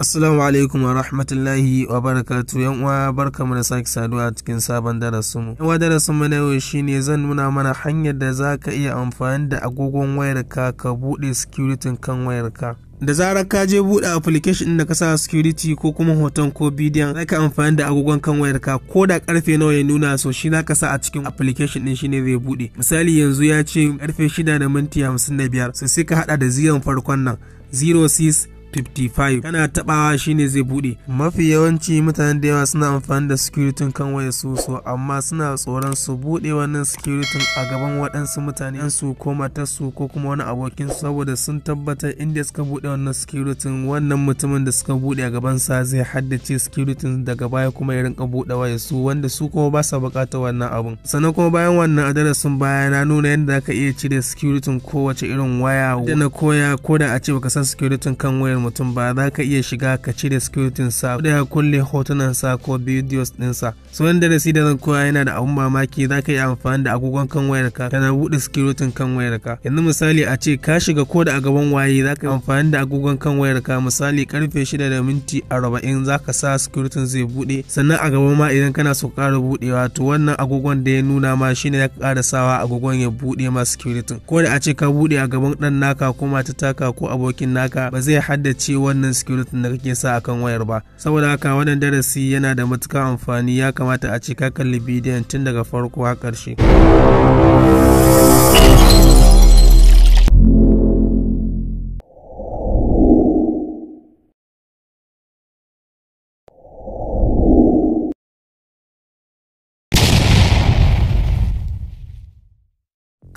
Assalamu alaikum wa rahmatullahi wa barakatu yan uwa mu da sake saduwa a cikin sabon darasin mu. Yawa darasin mu na yau shine zan nuna mana hanyar da za ka iya amfani da agogon wayarka ka bude security kan wayarka. da zarar ka je buɗe application da ka sa security ko kuma hoton ko bidiyon ka amfani da agogon kan wayar ko da karfe nawa ya nuna so shi za ka sa a cikin application din shine zai buɗe misali yanzu ya ce karfe 6 da minti 55 sai ka hada da ziyan farkon nan 06 55 kana tabawa shine zai bude mafi yawanci mutane da yawa suna amfani da security kan waya su so amma suna tsoron su bude wannan security a gaban waɗansu mutane an su ko matarsu ko kuma wani abokin saboda sun tabbatar inda suka bude wannan security wannan mutumin da suka bude a gaban sa zai haddace security daga baya kuma ya rinka bude waya su wanda su kuma ba sa bukatar wannan abun sannan kuma bayan wannan adarasin baya na nuna yadda zaka iya cire security kowace irin waya da na koya koda a ce baka san security kan wayar mutum ba za ka iya shiga ka cire sikiritin sa da kulle hotunan sa ko bidiyos din sa so yanda da si zan koya yana da abun mamaki za ka yi amfani da agogon kan wayar ka kana buɗe sikiritin kan wayar ka yanzu misali a ce ka shiga ko da a gaban waye za ka yi amfani da agogon kan wayar ka misali karfe shida da minti 40 za ka sa sikiritin zai buɗe sannan a gaban ma idan kana so ƙara budewa to wannan agogon da ya nuna ma shine ya ƙara sawa agogon ya buɗe ma sikiritin ko da a ce ka buɗe a gaban ɗan naka ko mata taka ko abokin naka ba zai haddasa da ce wannan security da kake sa akan wayar ba saboda haka wannan darasi yana da matuƙar amfani ya kamata a ce ka kalli bidiyon tun daga farko har ƙarshe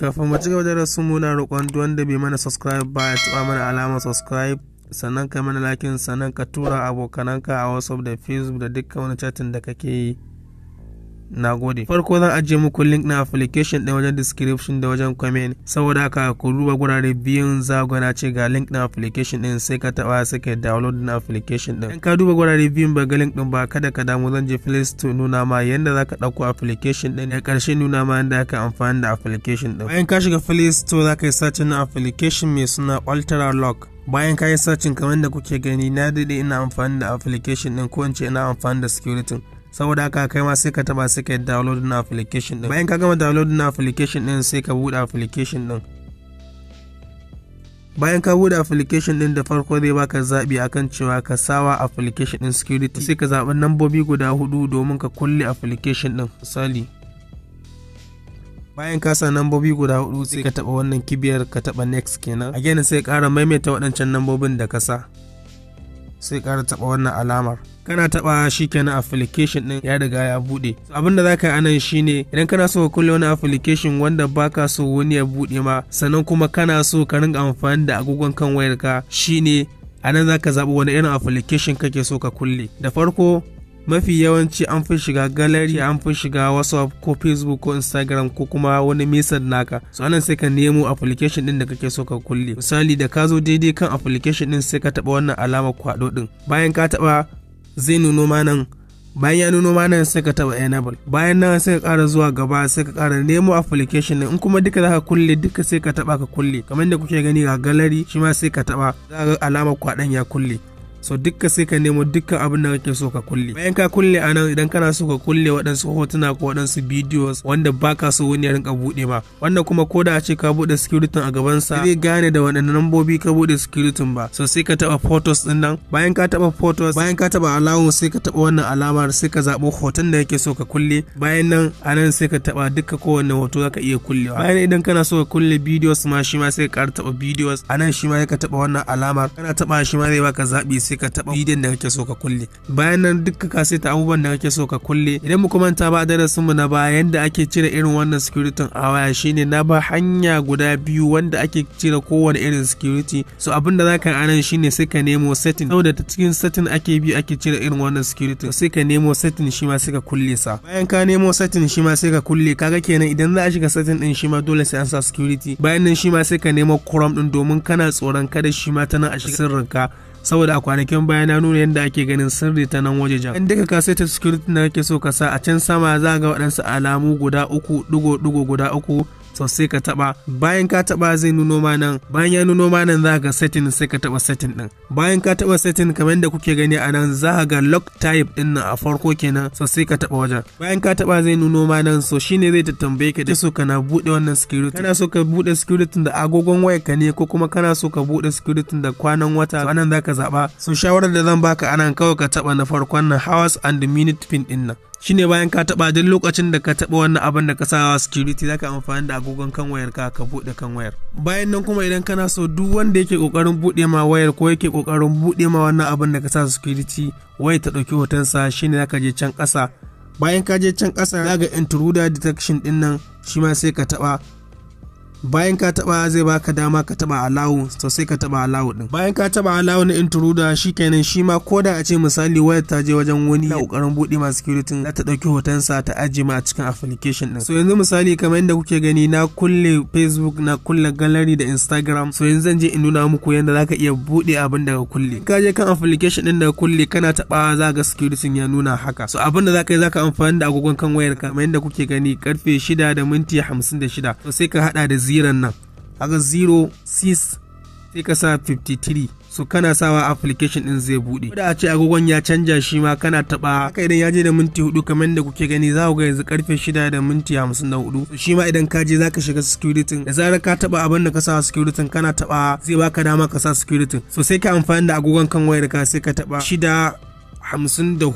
kafin mu ci gaba da rasu muna roƙon duk bai mana subscribe ba ya tuba mana alamar subscribe sannan ka mana lakin sannan ka tura abokananka a whatsapp da facebook da dukkan wani chatin da kake yi na gode farko zan ajiye muku link na application ɗin wajen description da wajen comment saboda haka ku duba gurare biyun zagona ce ga link na application ɗin sai ka taɓa sai ka download na application ɗin ka duba gurare biyun ba ga link ɗin ba kada ka damu zan je play store nuna ma yanda zaka ɗauko application ɗin da ƙarshe nuna ma yanda aka amfani da application ɗin bayan ka shiga play store zaka yi search na application mai suna ultra lock bayan ka yi searching kamar da kuke gani na dade ina amfani da application ɗin ko in ina amfani da security saboda haka kai ma sai ka taba sai ka download na application din bayan ka gama download na application din sai ka bude application din bayan ka bude application din da farko zai baka zabi akan cewa ka sawa application din security sai ka zaɓi nambobi guda hudu domin ka kulle application din misali bayan ka sa nambobi guda hudu sai ka taba wannan kibiyar ka taba next kenan a again sai ƙara maimaita waɗancan nambobin da ka sa sai ƙara taba wannan alamar kana taba shi kenan application din ya riga ya bude so, abin da zaka yi anan shine idan kana so ka kulle wani application wanda baka so wani ya bude ma sannan kuma kana so ka ringa amfani da agogon kan wayar ka shine anan zaka zabi wani irin application kake so ka kulle da farko mafi yawanci an fi shiga gallery an fi shiga whatsapp ko facebook ko instagram ko kuma wani mesad naka so anan sai ka nemo application din da kake so ka kulle misali da ka zo daidai kan application din sai ka taba wannan alamar kwado din bayan ka taba zai nuno ma bayan ya nuno ma nan sai ka taba enable bayan nan sai ka ƙara zuwa gaba sai ka ƙara nemo application din in kuma duka zaka kulle duka sai ka taba ka kulle kamar da kuke gani ga gallery shi ma sai ka taba za ga alamar kwaɗan ya kulle so dukka sai ka nemo dukkan abin da kake so ka kulle bayan ka kulle anan idan kana so ka kulle waɗansu hotuna ko waɗansu videos wanda baka so wani ya rinka buɗe ba wannan kuma ko da a ce ka buɗe security a gaban sa zai gane da waɗannan lambobi ka buɗe security ba so sai ka taɓa photos din nan bayan ka taɓa photos bayan ka taɓa alawun sai ka taɓa wannan alamar sai ka zaɓi hoton da kake so ka kulle bayan nan anan sai ka taɓa dukkan kowanne hoto zaka iya kullewa bayan idan kana so ka kulle videos ma shi ma sai ka ƙara taɓa videos anan shi ma ka taɓa wannan alamar kana taɓa shi ma zai baka zaɓi sai ka taɓa bidiyon da kake so ka kulle bayan nan duka ka saita abubuwan da kake so ka kulle idan mu manta ba darasin mu na baya yanda ake cire irin wannan security a waya shine na ba hanya guda biyu wanda ake cire kowane irin security so abin da zaka anan shine sai ka nemo setting saboda ta cikin setting ake bi ake cire irin wannan security sai ka nemo setting shi ma sai ka kulle sa bayan ka nemo setting shi ma sai ka kulle kaga kenan idan za a shiga setting din shi ma dole sai an sa security bayan nan shi ma sai ka nemo chrome din domin kana tsoron kada shi ma tana a shiga sirrinka saboda a kwanakin baya na nuna yadda ake ganin sirri ta nan waje jam inda ka ta security na kake so ka sa a can sama za ga waɗansu alamu guda uku ɗigo ɗigo guda uku so sai ka taba bayan ka taba zai nuno ma nan bayan ya nuno ma nan za ga setting sai ka taba setting din bayan ka taba setting kamar yadda kuke gani a nan za ga lock type din nan a farko kenan so sai ka taba wajen bayan ka taba zai nuno ma nan so shine zai ta tambaye ka da so kana bude wannan security kana so ka bude security da agogon waya ka ne ko kuma kana so ka bude security da kwanan wata anan za ka zaba so shawarar da zan baka anan kawai ka taba na farkon nan hours and minute pin din nan shi ne bayan ka taba duk lokacin da ka taba wannan abin da ka sa security zaka amfani da agogon kan wayar ka ka bude kan wayar bayan nan kuma idan kana so duk wanda yake kokarin bude ma wayar ko yake kokarin buɗe ma wannan abin da ka sa security wai ta dauki hoton sa shine zaka je can kasa bayan ka je can kasa zaga intruder detection din nan shi ma sai ka taba bayan ka taba zai baka dama ka taba alawu to sai ka taba alawu din bayan ka taba alawu na intruder shikenan shi ma koda a ce misali wayar ta je wajen wani ya kokarin bude ma security za ta dauki hoton sa ta ajiye ma a cikin application din so yanzu misali kamar yadda kuke gani na kulle facebook na kulle gallery da instagram so yanzu zan je in nuna muku yadda zaka iya bude abin daga kulle ka je kan application din daga kulle kana taba za ga security ya nuna haka so abin da zaka yi zaka amfani da agogon kan wayar kamar yadda kuke gani karfe 6 da minti 56 so sai ka hada da ziran nan haka 06 sai ka sa 53 so kana sawa application din zai bude da a ce agogon ya canja shi ma kana taba haka idan ya je da minti hudu kamar da kuke gani za ku ga yanzu karfe shida da minti hamsin da so shi ma idan ka je zaka shiga security da zarar ka taba abin da ka sa security kana taba zai baka dama ka sa security so sai ka amfani da agogon kan wayar ka sai ka taba shida hamsin da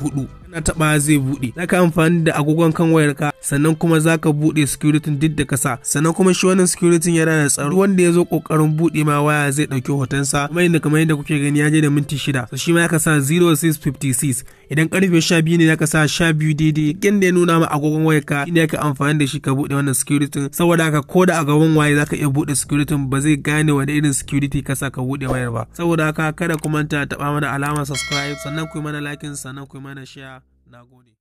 na taba zai bude ka amfani da agogon kan ka sannan kuma za ka buɗe security duk da kasa sannan kuma shi wannan security yana da tsaro wanda ya zo kokarin buɗe ma waya zai ɗauki hotonsa sa yadda kamar yadda kuke gani ya je da minti shida so shi ma ya kasa 0656 idan karfe sha biyu ne zaka sa sha biyu daidai da ya nuna ma agogon waya ka ne ka amfani da shi ka buɗe wannan security saboda haka ko da a gaban waye zaka iya buɗe security ba zai gane wani irin security ka sa ka buɗe wayar ba saboda haka kada ku manta taɓa mana alamar subscribe sannan ku yi mana like sannan ku yi mana share nagode